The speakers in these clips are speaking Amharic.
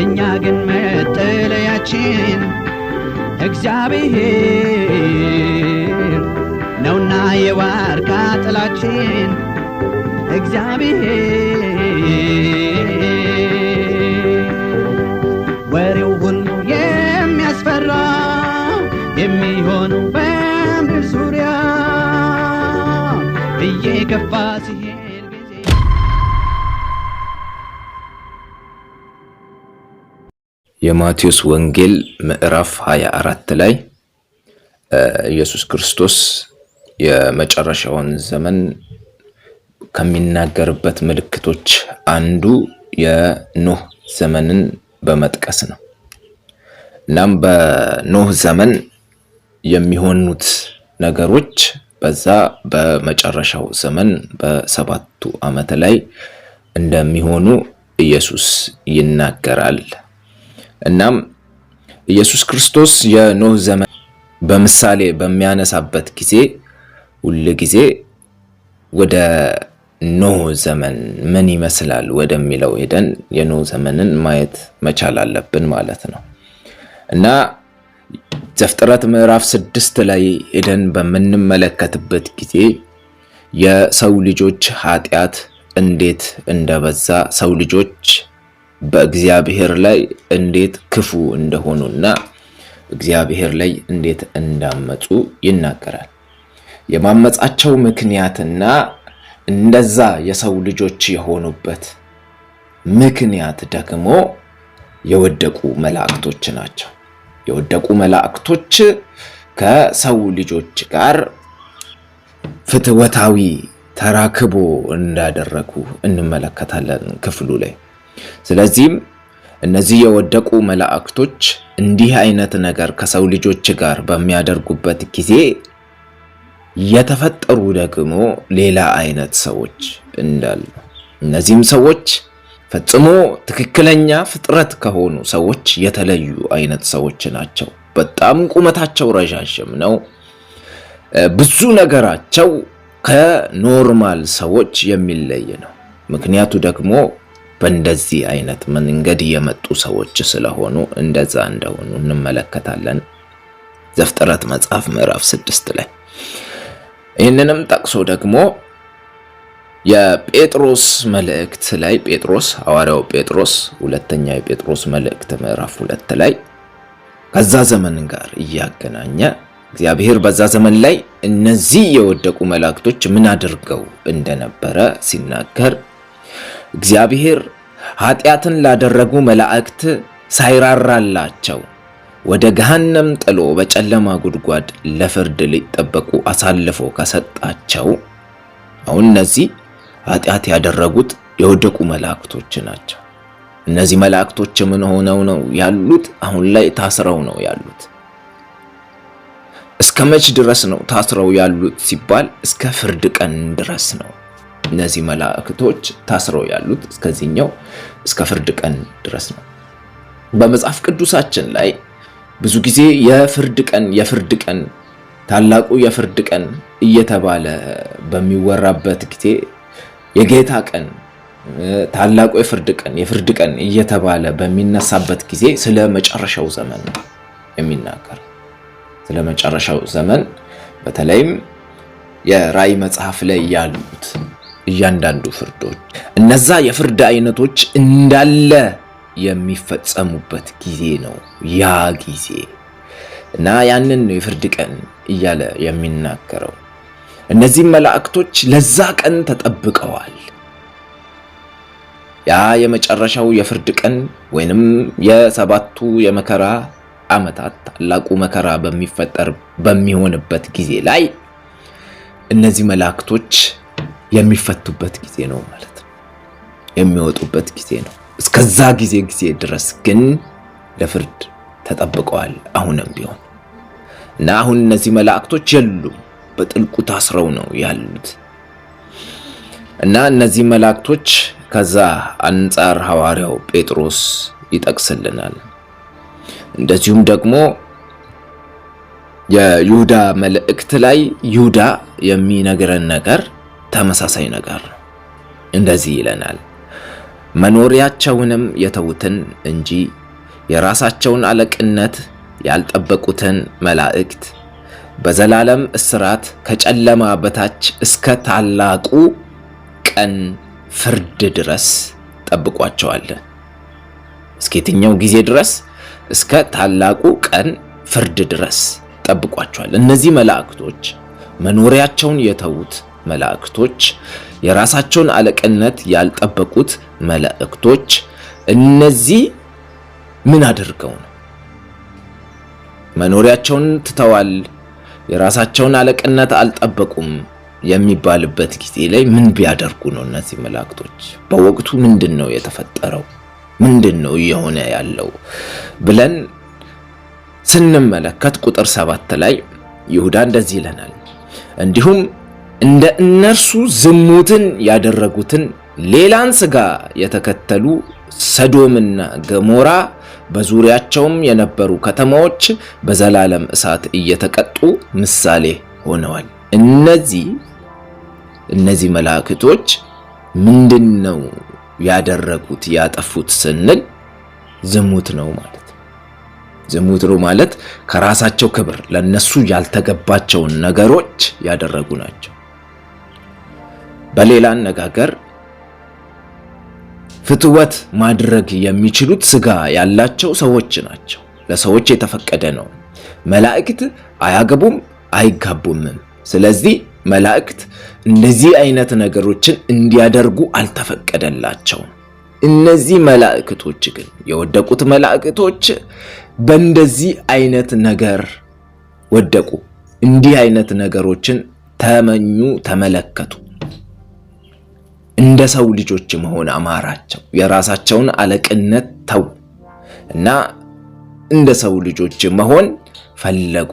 እኛ ግን መጠለያችን እግዚአብሔር ነውና የዋርካ ጥላችን እግዚአብሔር ወሬው ሁሉ የሚያስፈራ የሚሆነው በምድር ዙሪያ እየከፋ ሲ የማቴዎስ ወንጌል ምዕራፍ 24 ላይ ኢየሱስ ክርስቶስ የመጨረሻውን ዘመን ከሚናገርበት ምልክቶች አንዱ የኖህ ዘመንን በመጥቀስ ነው። እናም በኖህ ዘመን የሚሆኑት ነገሮች በዛ በመጨረሻው ዘመን በሰባቱ ዓመት ላይ እንደሚሆኑ ኢየሱስ ይናገራል። እናም ኢየሱስ ክርስቶስ የኖህ ዘመን በምሳሌ በሚያነሳበት ጊዜ ሁል ጊዜ ወደ ኖህ ዘመን ምን ይመስላል ወደሚለው ሄደን የኖህ ዘመንን ማየት መቻል አለብን ማለት ነው እና ዘፍጥረት ምዕራፍ ስድስት ላይ ሄደን በምንመለከትበት ጊዜ የሰው ልጆች ኃጢአት እንዴት እንደበዛ ሰው ልጆች በእግዚአብሔር ላይ እንዴት ክፉ እንደሆኑና እግዚአብሔር ላይ እንዴት እንዳመፁ ይናገራል። የማመፃቸው ምክንያትና እንደዛ የሰው ልጆች የሆኑበት ምክንያት ደግሞ የወደቁ መላእክቶች ናቸው። የወደቁ መላእክቶች ከሰው ልጆች ጋር ፍትወታዊ ተራክቦ እንዳደረጉ እንመለከታለን ክፍሉ ላይ። ስለዚህም እነዚህ የወደቁ መላእክቶች እንዲህ አይነት ነገር ከሰው ልጆች ጋር በሚያደርጉበት ጊዜ የተፈጠሩ ደግሞ ሌላ አይነት ሰዎች እንዳሉ እነዚህም ሰዎች ፈጽሞ ትክክለኛ ፍጥረት ከሆኑ ሰዎች የተለዩ አይነት ሰዎች ናቸው። በጣም ቁመታቸው ረዣዥም ነው። ብዙ ነገራቸው ከኖርማል ሰዎች የሚለይ ነው። ምክንያቱ ደግሞ በእንደዚህ አይነት መንገድ የመጡ ሰዎች ስለሆኑ እንደዛ እንደሆኑ እንመለከታለን። ዘፍጥረት መጽሐፍ ምዕራፍ ስድስት ላይ ይህንንም ጠቅሶ ደግሞ የጴጥሮስ መልእክት ላይ ጴጥሮስ ሐዋርያው ጴጥሮስ ሁለተኛ የጴጥሮስ መልእክት ምዕራፍ ሁለት ላይ ከዛ ዘመን ጋር እያገናኘ እግዚአብሔር በዛ ዘመን ላይ እነዚህ የወደቁ መላእክቶች ምን አድርገው እንደነበረ ሲናገር እግዚአብሔር ኀጢአትን ላደረጉ መላእክት ሳይራራላቸው ወደ ገሃነም ጥሎ በጨለማ ጉድጓድ ለፍርድ ሊጠበቁ አሳልፎ ከሰጣቸው አሁን እነዚህ ኃጢአት ያደረጉት የወደቁ መላእክቶች ናቸው። እነዚህ መላእክቶች ምን ሆነው ነው ያሉት? አሁን ላይ ታስረው ነው ያሉት። እስከ መች ድረስ ነው ታስረው ያሉት ሲባል እስከ ፍርድ ቀን ድረስ ነው። እነዚህ መላእክቶች ታስረው ያሉት እስከዚህኛው እስከ ፍርድ ቀን ድረስ ነው። በመጽሐፍ ቅዱሳችን ላይ ብዙ ጊዜ የፍርድ ቀን የፍርድ ቀን ታላቁ የፍርድ ቀን እየተባለ በሚወራበት ጊዜ የጌታ ቀን ታላቁ የፍርድ ቀን የፍርድ ቀን እየተባለ በሚነሳበት ጊዜ ስለ መጨረሻው ዘመን የሚናገር። ስለ መጨረሻው ዘመን በተለይም የራእይ መጽሐፍ ላይ ያሉት እያንዳንዱ ፍርዶች እነዛ የፍርድ አይነቶች እንዳለ የሚፈጸሙበት ጊዜ ነው ያ ጊዜ እና ያንን ነው የፍርድ ቀን እያለ የሚናገረው። እነዚህም መላእክቶች ለዛ ቀን ተጠብቀዋል። ያ የመጨረሻው የፍርድ ቀን ወይንም የሰባቱ የመከራ ዓመታት ታላቁ መከራ በሚፈጠር በሚሆንበት ጊዜ ላይ እነዚህ መላእክቶች የሚፈቱበት ጊዜ ነው ማለት ነው። የሚወጡበት ጊዜ ነው። እስከዛ ጊዜ ጊዜ ድረስ ግን ለፍርድ ተጠብቀዋል። አሁንም ቢሆን እና አሁን እነዚህ መላእክቶች የሉም፣ በጥልቁ ታስረው ነው ያሉት እና እነዚህ መላእክቶች ከዛ አንጻር ሐዋርያው ጴጥሮስ ይጠቅስልናል። እንደዚሁም ደግሞ የይሁዳ መልእክት ላይ ይሁዳ የሚነግረን ነገር ተመሳሳይ ነገር ነው። እንደዚህ ይለናል፣ መኖሪያቸውንም የተዉትን እንጂ የራሳቸውን አለቅነት ያልጠበቁትን መላእክት በዘላለም እስራት ከጨለማ በታች እስከ ታላቁ ቀን ፍርድ ድረስ ጠብቋቸዋለን። እስከ የትኛው ጊዜ ድረስ? እስከ ታላቁ ቀን ፍርድ ድረስ ጠብቋቸዋል። እነዚህ መላእክቶች መኖሪያቸውን የተዉት መላእክቶች፣ የራሳቸውን አለቅነት ያልጠበቁት መላእክቶች፣ እነዚህ ምን አድርገው ነው? መኖሪያቸውን ትተዋል፣ የራሳቸውን አለቅነት አልጠበቁም የሚባልበት ጊዜ ላይ ምን ቢያደርጉ ነው? እነዚህ መላእክቶች በወቅቱ ምንድን ነው የተፈጠረው? ምንድን ነው እየሆነ ያለው ብለን ስንመለከት ቁጥር ሰባት ላይ ይሁዳ እንደዚህ ይለናል፣ እንዲሁም እንደ እነርሱ ዝሙትን ያደረጉትን ሌላን ሥጋ የተከተሉ ሰዶምና ገሞራ በዙሪያቸውም የነበሩ ከተማዎች በዘላለም እሳት እየተቀጡ ምሳሌ ሆነዋል። እነዚህ እነዚህ መላእክቶች ምንድን ነው ያደረጉት ያጠፉት ስንል ዝሙት ነው ማለት ዝሙት ነው ማለት ከራሳቸው ክብር ለነሱ ያልተገባቸውን ነገሮች ያደረጉ ናቸው። በሌላ አነጋገር ፍትወት ማድረግ የሚችሉት ስጋ ያላቸው ሰዎች ናቸው። ለሰዎች የተፈቀደ ነው። መላእክት አያገቡም አይጋቡምም። ስለዚህ መላእክት እንደዚህ አይነት ነገሮችን እንዲያደርጉ አልተፈቀደላቸውም። እነዚህ መላእክቶች ግን የወደቁት መላእክቶች በእንደዚህ አይነት ነገር ወደቁ። እንዲህ አይነት ነገሮችን ተመኙ፣ ተመለከቱ። እንደ ሰው ልጆች መሆን አማራቸው። የራሳቸውን አለቅነት ተው እና እንደ ሰው ልጆች መሆን ፈለጉ።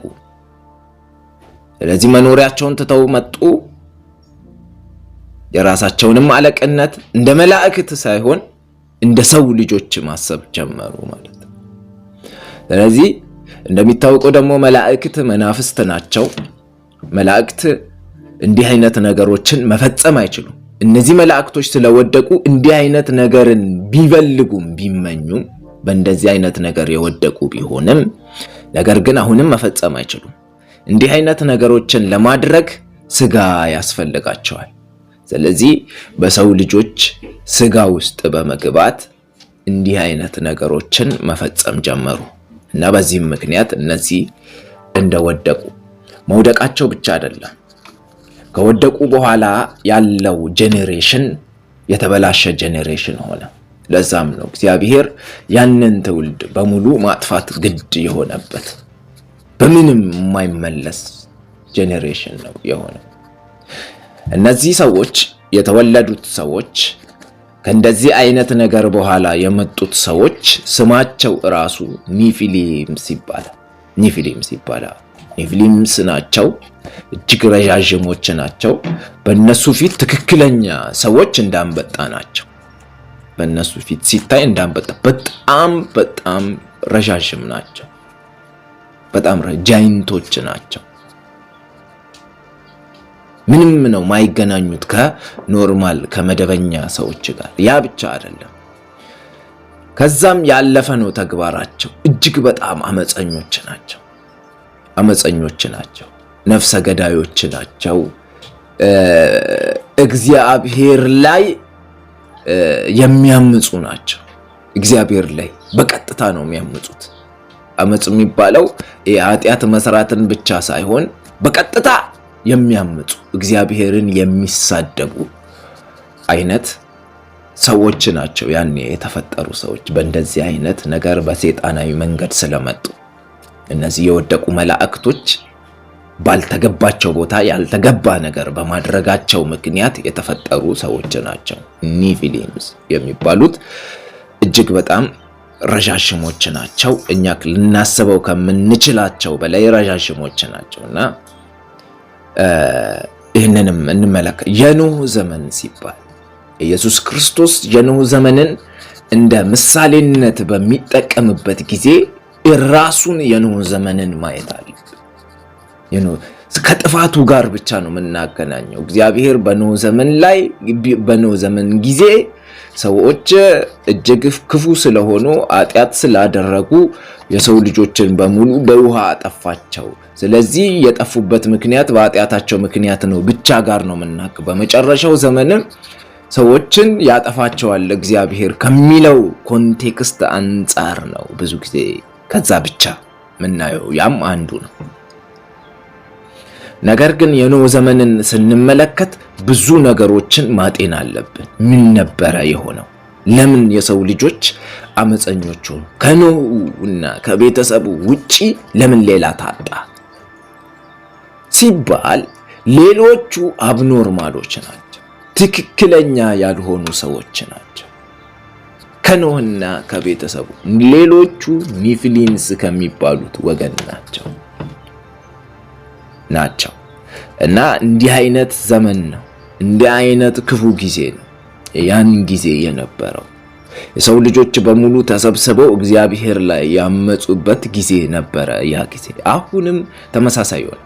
ስለዚህ መኖሪያቸውን ትተው መጡ። የራሳቸውንም አለቅነት እንደ መላእክት ሳይሆን እንደ ሰው ልጆች ማሰብ ጀመሩ ማለት ነው። ስለዚህ እንደሚታወቀው ደግሞ መላእክት መናፍስት ናቸው። መላእክት እንዲህ አይነት ነገሮችን መፈጸም አይችሉም። እነዚህ መላእክቶች ስለወደቁ እንዲህ አይነት ነገርን ቢፈልጉም ቢመኙም በእንደዚህ አይነት ነገር የወደቁ ቢሆንም ነገር ግን አሁንም መፈጸም አይችሉም። እንዲህ አይነት ነገሮችን ለማድረግ ስጋ ያስፈልጋቸዋል። ስለዚህ በሰው ልጆች ስጋ ውስጥ በመግባት እንዲህ አይነት ነገሮችን መፈጸም ጀመሩ እና በዚህም ምክንያት እነዚህ እንደወደቁ መውደቃቸው ብቻ አይደለም ከወደቁ በኋላ ያለው ጄኔሬሽን የተበላሸ ጄኔሬሽን ሆነ። ለዛም ነው እግዚአብሔር ያንን ትውልድ በሙሉ ማጥፋት ግድ የሆነበት። በምንም የማይመለስ ጄኔሬሽን ነው የሆነ። እነዚህ ሰዎች የተወለዱት ሰዎች ከእንደዚህ አይነት ነገር በኋላ የመጡት ሰዎች ስማቸው ራሱ ኒፊሊምስ ይባላል። ኒፊሊምስ ይባላል። ኔፍሊምስ ናቸው። እጅግ ረዣዥሞች ናቸው። በእነሱ ፊት ትክክለኛ ሰዎች እንዳንበጣ ናቸው። በእነሱ ፊት ሲታይ እንዳንበጣ በጣም በጣም ረዣዥም ናቸው። በጣም ጃይንቶች ናቸው። ምንም ነው ማይገናኙት ከኖርማል ከመደበኛ ሰዎች ጋር። ያ ብቻ አይደለም፣ ከዛም ያለፈ ነው ተግባራቸው። እጅግ በጣም አመፀኞች ናቸው። አመፀኞች ናቸው፣ ነፍሰ ገዳዮች ናቸው። እግዚአብሔር ላይ የሚያምፁ ናቸው። እግዚአብሔር ላይ በቀጥታ ነው የሚያምፁት። አመፅ የሚባለው የኃጢአት መስራትን ብቻ ሳይሆን በቀጥታ የሚያምፁ እግዚአብሔርን የሚሳደቡ አይነት ሰዎች ናቸው። ያኔ የተፈጠሩ ሰዎች በእንደዚህ አይነት ነገር በሴጣናዊ መንገድ ስለመጡ እነዚህ የወደቁ መላእክቶች ባልተገባቸው ቦታ ያልተገባ ነገር በማድረጋቸው ምክንያት የተፈጠሩ ሰዎች ናቸው። ኒፊሊምስ የሚባሉት እጅግ በጣም ረዣሽሞች ናቸው። እኛ ልናስበው ከምንችላቸው በላይ ረዣሽሞች ናቸው እና ይህንንም እንመለከት። የኖህ ዘመን ሲባል ኢየሱስ ክርስቶስ የኑህ ዘመንን እንደ ምሳሌነት በሚጠቀምበት ጊዜ የራሱን የኖህ ዘመንን ማየት አለ። ከጥፋቱ ጋር ብቻ ነው የምናገናኘው። እግዚአብሔር በኖህ ዘመን ላይ በኖህ ዘመን ጊዜ ሰዎች እጅግ ክፉ ስለሆኑ ኃጢአት ስላደረጉ የሰው ልጆችን በሙሉ በውሃ አጠፋቸው። ስለዚህ የጠፉበት ምክንያት በኃጢአታቸው ምክንያት ነው ብቻ ጋር ነው የምናቅ በመጨረሻው ዘመንም ሰዎችን ያጠፋቸዋል እግዚአብሔር ከሚለው ኮንቴክስት አንጻር ነው ብዙ ጊዜ ከዛ ብቻ ምናየው ያም አንዱ ነው። ነገር ግን የኖህ ዘመንን ስንመለከት ብዙ ነገሮችን ማጤን አለብን። ምን ነበረ የሆነው? ለምን የሰው ልጆች አመፀኞቹ ከኖህ እና ከቤተሰቡ ውጪ ለምን ሌላ ታጣ ሲባል ሌሎቹ አብኖርማሎች ናቸው፣ ትክክለኛ ያልሆኑ ሰዎች ናቸው። ከኖህና ከቤተሰቡ ሌሎቹ ኒፍሊንስ ከሚባሉት ወገን ናቸው ናቸው እና እንዲህ አይነት ዘመን ነው። እንዲህ አይነት ክፉ ጊዜ ነው ያን ጊዜ የነበረው። የሰው ልጆች በሙሉ ተሰብስበው እግዚአብሔር ላይ ያመፁበት ጊዜ ነበረ ያ ጊዜ። አሁንም ተመሳሳይ ሆነ።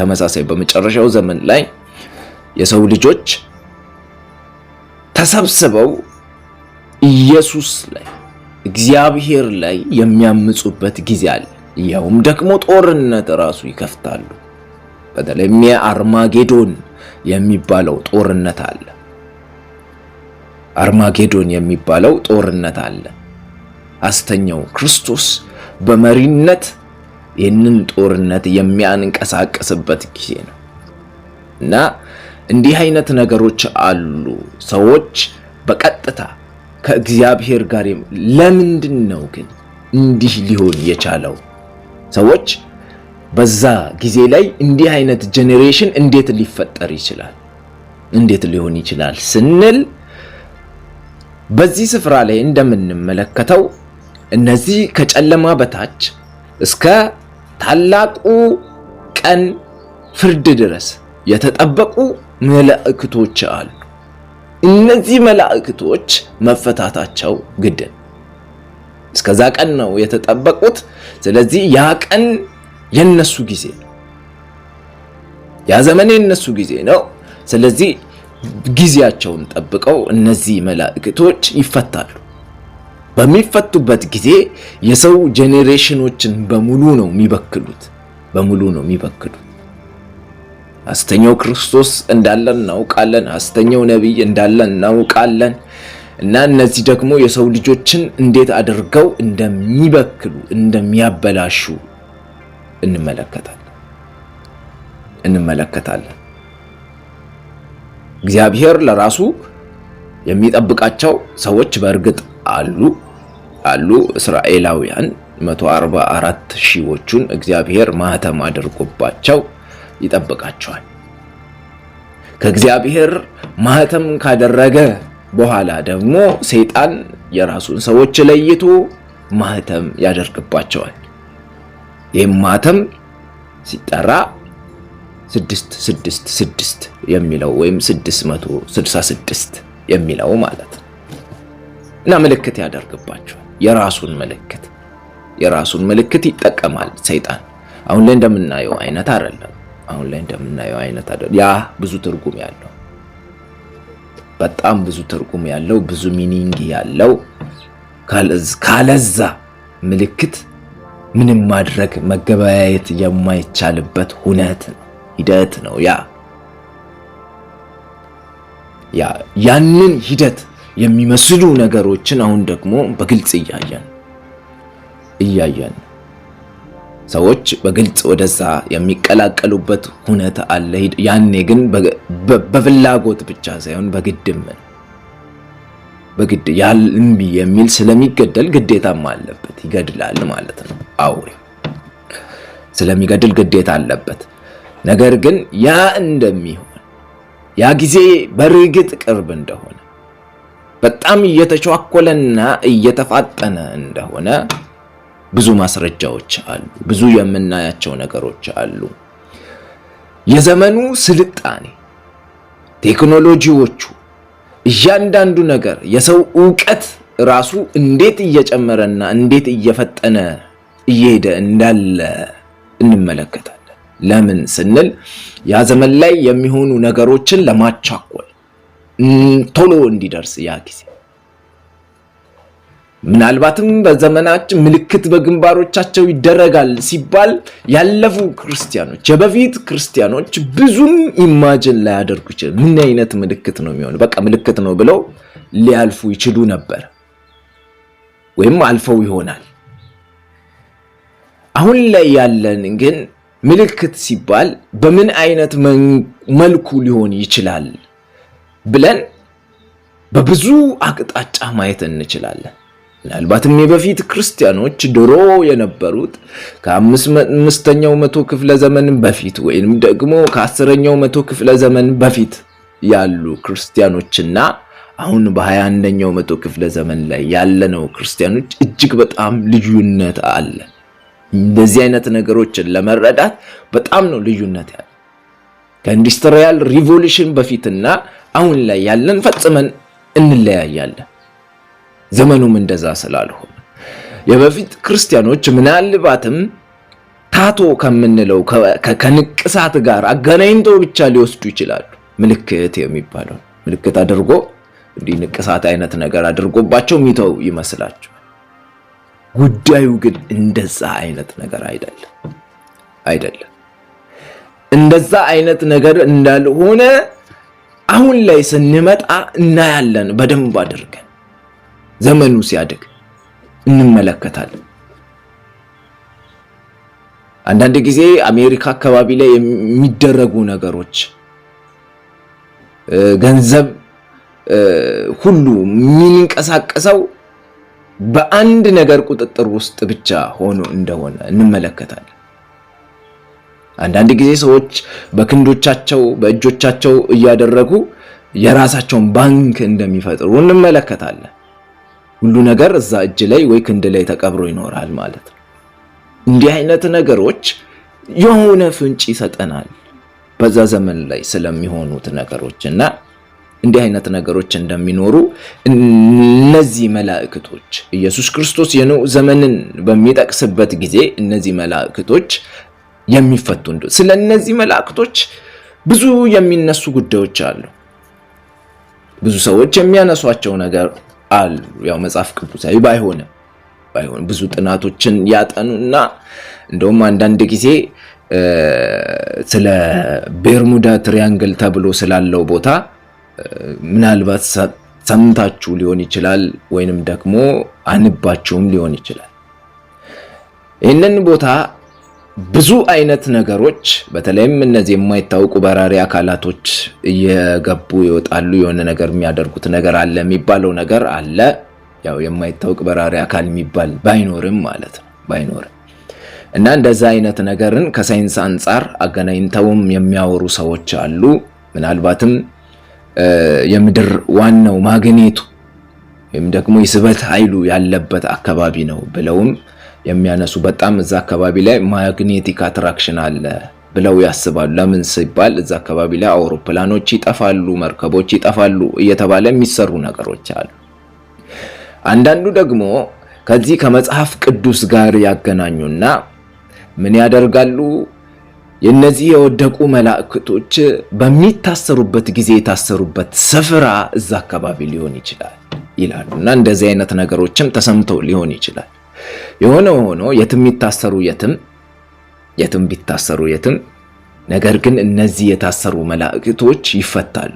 ተመሳሳይ በመጨረሻው ዘመን ላይ የሰው ልጆች ተሰብስበው ኢየሱስ ላይ እግዚአብሔር ላይ የሚያምፁበት ጊዜ አለ። ያውም ደግሞ ጦርነት ራሱ ይከፍታሉ። በተለይም የአርማጌዶን የሚባለው ጦርነት አለ። አርማጌዶን የሚባለው ጦርነት አለ። አስተኛው ክርስቶስ በመሪነት ይህንን ጦርነት የሚያንቀሳቀስበት ጊዜ ነው እና እንዲህ አይነት ነገሮች አሉ። ሰዎች በቀጥታ ከእግዚአብሔር ጋር ለምንድን ነው ግን እንዲህ ሊሆን የቻለው? ሰዎች በዛ ጊዜ ላይ እንዲህ አይነት ጄኔሬሽን እንዴት ሊፈጠር ይችላል? እንዴት ሊሆን ይችላል ስንል በዚህ ስፍራ ላይ እንደምንመለከተው እነዚህ ከጨለማ በታች እስከ ታላቁ ቀን ፍርድ ድረስ የተጠበቁ መላእክቶች አሉ። እነዚህ መላእክቶች መፈታታቸው ግድን እስከዛ ቀን ነው የተጠበቁት። ስለዚህ ያ ቀን የነሱ ጊዜ ነው፣ ያ ዘመን የነሱ ጊዜ ነው። ስለዚህ ጊዜያቸውን ጠብቀው እነዚህ መላእክቶች ይፈታሉ። በሚፈቱበት ጊዜ የሰው ጄኔሬሽኖችን በሙሉ ነው የሚበክሉት፣ በሙሉ ነው የሚበክሉት። ሐሰተኛው ክርስቶስ እንዳለን እናውቃለን። ሐሰተኛው ነቢይ እንዳለን እናውቃለን። እና እነዚህ ደግሞ የሰው ልጆችን እንዴት አድርገው እንደሚበክሉ እንደሚያበላሹ እንመለከታለን እንመለከታለን። እግዚአብሔር ለራሱ የሚጠብቃቸው ሰዎች በእርግጥ አሉ አሉ። እስራኤላውያን 144 ሺዎቹን እግዚአብሔር ማህተም አድርጎባቸው ይጠብቃቸዋል። ከእግዚአብሔር ማህተም ካደረገ በኋላ ደግሞ ሰይጣን የራሱን ሰዎች ለይቶ ማህተም ያደርግባቸዋል። ይህም ማህተም ሲጠራ 666 የሚለው ወይም 666 የሚለው ማለት ነው እና ምልክት ያደርግባቸዋል። የራሱን ምልክት የራሱን ምልክት ይጠቀማል ሰይጣን። አሁን ላይ እንደምናየው አይነት አይደለም። አሁን ላይ እንደምናየው አይነት አይደለም። ያ ብዙ ትርጉም ያለው በጣም ብዙ ትርጉም ያለው ብዙ ሚኒንግ ያለው ካለዛ ምልክት ምንም ማድረግ መገበያየት የማይቻልበት ሁነት ሂደት ነው። ያ ያ ያንን ሂደት የሚመስሉ ነገሮችን አሁን ደግሞ በግልጽ እያየን እያየን ሰዎች በግልጽ ወደዛ የሚቀላቀሉበት ሁኔታ አለ። ያኔ ግን በፍላጎት ብቻ ሳይሆን በግድም በግድ ያል የሚል ስለሚገደል ግዴታም አለበት ይገድላል ማለት ነው። አውሬ ስለሚገድል ግዴታ አለበት። ነገር ግን ያ እንደሚሆን ያ ጊዜ በርግጥ ቅርብ እንደሆነ በጣም እየተቸዋኮለና እየተፋጠነ እንደሆነ ብዙ ማስረጃዎች አሉ። ብዙ የምናያቸው ነገሮች አሉ። የዘመኑ ስልጣኔ፣ ቴክኖሎጂዎቹ፣ እያንዳንዱ ነገር የሰው እውቀት ራሱ እንዴት እየጨመረና እንዴት እየፈጠነ እየሄደ እንዳለ እንመለከታለን። ለምን ስንል ያ ዘመን ላይ የሚሆኑ ነገሮችን ለማቻኮል ቶሎ እንዲደርስ ያ ጊዜ ምናልባትም በዘመናችን ምልክት በግንባሮቻቸው ይደረጋል ሲባል ያለፉ ክርስቲያኖች የበፊት ክርስቲያኖች ብዙም ኢማጅን ላያደርጉ ይችላል። ምን አይነት ምልክት ነው የሚሆን? በቃ ምልክት ነው ብለው ሊያልፉ ይችሉ ነበር ወይም አልፈው ይሆናል። አሁን ላይ ያለን ግን ምልክት ሲባል በምን አይነት መልኩ ሊሆን ይችላል ብለን በብዙ አቅጣጫ ማየት እንችላለን። ምናልባትም የበፊት ክርስቲያኖች ድሮ የነበሩት ከአምስተኛው መቶ ክፍለ ዘመን በፊት ወይም ደግሞ ከአስረኛው መቶ ክፍለ ዘመን በፊት ያሉ ክርስቲያኖችና አሁን በሀያ አንደኛው መቶ ክፍለ ዘመን ላይ ያለነው ክርስቲያኖች እጅግ በጣም ልዩነት አለ። እንደዚህ አይነት ነገሮችን ለመረዳት በጣም ነው ልዩነት ያለ። ከኢንዱስትሪያል ሪቮሉሽን በፊትና አሁን ላይ ያለን ፈጽመን እንለያያለን። ዘመኑም እንደዛ ስላልሆነ የበፊት ክርስቲያኖች ምናልባትም ታቶ ከምንለው ከንቅሳት ጋር አገናኝተው ብቻ ሊወስዱ ይችላሉ። ምልክት የሚባለው ምልክት አድርጎ እንዲህ ንቅሳት አይነት ነገር አድርጎባቸው ሚተው ይመስላቸዋል። ጉዳዩ ግን እንደዛ አይነት ነገር አይደለም አይደለም። እንደዛ አይነት ነገር እንዳልሆነ አሁን ላይ ስንመጣ እናያለን በደንብ አድርገን ዘመኑ ሲያድግ እንመለከታለን። አንዳንድ ጊዜ አሜሪካ አካባቢ ላይ የሚደረጉ ነገሮች ገንዘብ ሁሉ የሚንቀሳቀሰው በአንድ ነገር ቁጥጥር ውስጥ ብቻ ሆኖ እንደሆነ እንመለከታለን። አንዳንድ ጊዜ ሰዎች በክንዶቻቸው በእጆቻቸው እያደረጉ የራሳቸውን ባንክ እንደሚፈጥሩ እንመለከታለን። ሁሉ ነገር እዛ እጅ ላይ ወይ ክንድ ላይ ተቀብሮ ይኖራል ማለት ነው። እንዲህ አይነት ነገሮች የሆነ ፍንጭ ይሰጠናል በዛ ዘመን ላይ ስለሚሆኑት ነገሮች እና እንዲህ አይነት ነገሮች እንደሚኖሩ እነዚህ መላእክቶች ኢየሱስ ክርስቶስ የኖህ ዘመንን በሚጠቅስበት ጊዜ እነዚህ መላእክቶች የሚፈቱ እንደ ስለ እነዚህ መላእክቶች ብዙ የሚነሱ ጉዳዮች አሉ። ብዙ ሰዎች የሚያነሷቸው ነገር ቃል ያው መጽሐፍ ቅዱሳዊ ባይሆንም ባይሆን ብዙ ጥናቶችን ያጠኑና እንደውም አንዳንድ ጊዜ ስለ ቤርሙዳ ትሪያንግል ተብሎ ስላለው ቦታ ምናልባት ሰምታችሁ ሊሆን ይችላል፣ ወይንም ደግሞ አንባችሁም ሊሆን ይችላል። ይህንን ቦታ ብዙ አይነት ነገሮች በተለይም እነዚህ የማይታወቁ በራሪ አካላቶች እየገቡ ይወጣሉ። የሆነ ነገር የሚያደርጉት ነገር አለ የሚባለው ነገር አለ። ያው የማይታወቅ በራሪ አካል የሚባል ባይኖርም ማለት ነው ባይኖርም እና እንደዛ አይነት ነገርን ከሳይንስ አንጻር አገናኝተውም የሚያወሩ ሰዎች አሉ። ምናልባትም የምድር ዋናው ማግኔቱ ወይም ደግሞ የስበት ኃይሉ ያለበት አካባቢ ነው ብለውም የሚያነሱ በጣም እዛ አካባቢ ላይ ማግኔቲክ አትራክሽን አለ ብለው ያስባሉ። ለምን ሲባል እዛ አካባቢ ላይ አውሮፕላኖች ይጠፋሉ፣ መርከቦች ይጠፋሉ እየተባለ የሚሰሩ ነገሮች አሉ። አንዳንዱ ደግሞ ከዚህ ከመጽሐፍ ቅዱስ ጋር ያገናኙና ምን ያደርጋሉ? የነዚህ የወደቁ መላእክቶች በሚታሰሩበት ጊዜ የታሰሩበት ስፍራ እዛ አካባቢ ሊሆን ይችላል ይላሉ እና እንደዚህ አይነት ነገሮችም ተሰምተው ሊሆን ይችላል። የሆነ ሆኖ የትም የሚታሰሩ የትም የትም ቢታሰሩ የትም፣ ነገር ግን እነዚህ የታሰሩ መላእክቶች ይፈታሉ።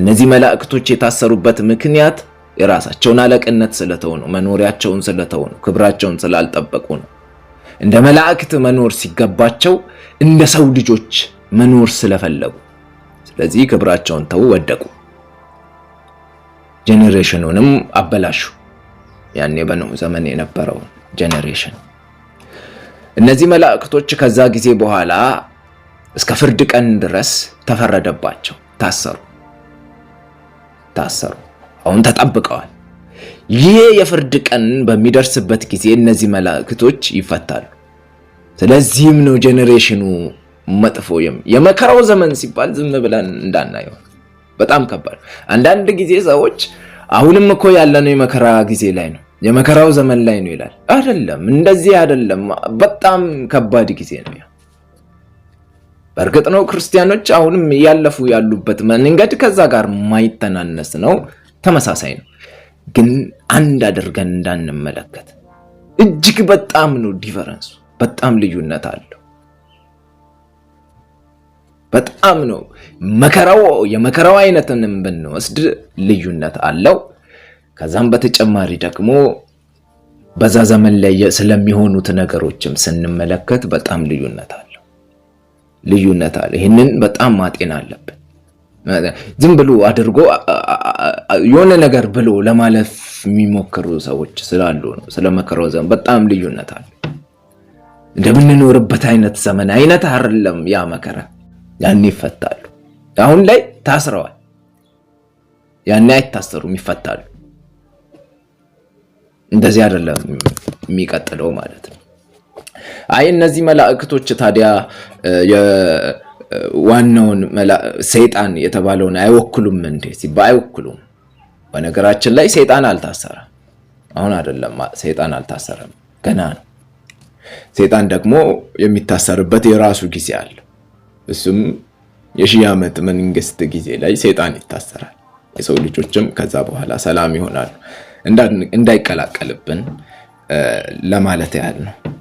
እነዚህ መላእክቶች የታሰሩበት ምክንያት የራሳቸውን አለቅነት ስለተው ነው። መኖሪያቸውን ስለተው ነው። ክብራቸውን ስላልጠበቁ ነው። እንደ መላእክት መኖር ሲገባቸው እንደ ሰው ልጆች መኖር ስለፈለጉ፣ ስለዚህ ክብራቸውን ተው፣ ወደቁ፣ ጄኔሬሽኑንም አበላሹ። ያኔ በኖህ ዘመን የነበረው ጄኔሬሽን። እነዚህ መላእክቶች ከዛ ጊዜ በኋላ እስከ ፍርድ ቀን ድረስ ተፈረደባቸው፣ ታሰሩ ታሰሩ። አሁን ተጠብቀዋል። ይህ የፍርድ ቀን በሚደርስበት ጊዜ እነዚህ መላእክቶች ይፈታሉ። ስለዚህም ነው ጄኔሬሽኑ መጥፎ የመከራው ዘመን ሲባል ዝም ብለን እንዳናየው በጣም ከባድ። አንዳንድ ጊዜ ሰዎች አሁንም እኮ ያለነው የመከራ ጊዜ ላይ ነው፣ የመከራው ዘመን ላይ ነው ይላል። አይደለም፣ እንደዚህ አይደለም። በጣም ከባድ ጊዜ ነው። በእርግጥ ነው ክርስቲያኖች አሁንም እያለፉ ያሉበት መንገድ ከዛ ጋር ማይተናነስ ነው፣ ተመሳሳይ ነው። ግን አንድ አድርገን እንዳንመለከት እጅግ በጣም ነው ዲፈረንሱ፣ በጣም ልዩነት አለው። በጣም ነው መከራው። የመከራው አይነትንም ብንወስድ ልዩነት አለው። ከዛም በተጨማሪ ደግሞ በዛ ዘመን ላይ ስለሚሆኑት ነገሮችም ስንመለከት በጣም ልዩነት አለው። ልዩነት አለ። ይህንን በጣም ማጤን አለብን። ዝም ብሎ አድርጎ የሆነ ነገር ብሎ ለማለፍ የሚሞክሩ ሰዎች ስላሉ ነው። ስለ መከራው ዘመን በጣም ልዩነት አለ። እንደምንኖርበት አይነት ዘመን አይነት አይደለም ያ መከራ ያኔ ይፈታሉ። አሁን ላይ ታስረዋል። ያኔ አይታሰሩም፣ ይፈታሉ። እንደዚህ አይደለም የሚቀጥለው ማለት ነው። አይ እነዚህ መላእክቶች ታዲያ ዋናውን ሰይጣን የተባለውን አይወክሉም እንዴ ሲባ አይወክሉም። በነገራችን ላይ ሰይጣን አልታሰረም። አሁን አይደለም ሰይጣን አልታሰረም፣ ገና ነው። ሰይጣን ደግሞ የሚታሰርበት የራሱ ጊዜ አለው። እሱም የሺህ ዓመት መንግስት ጊዜ ላይ ሴጣን ይታሰራል። የሰው ልጆችም ከዛ በኋላ ሰላም ይሆናሉ። እንዳይቀላቀልብን ለማለት ያህል ነው።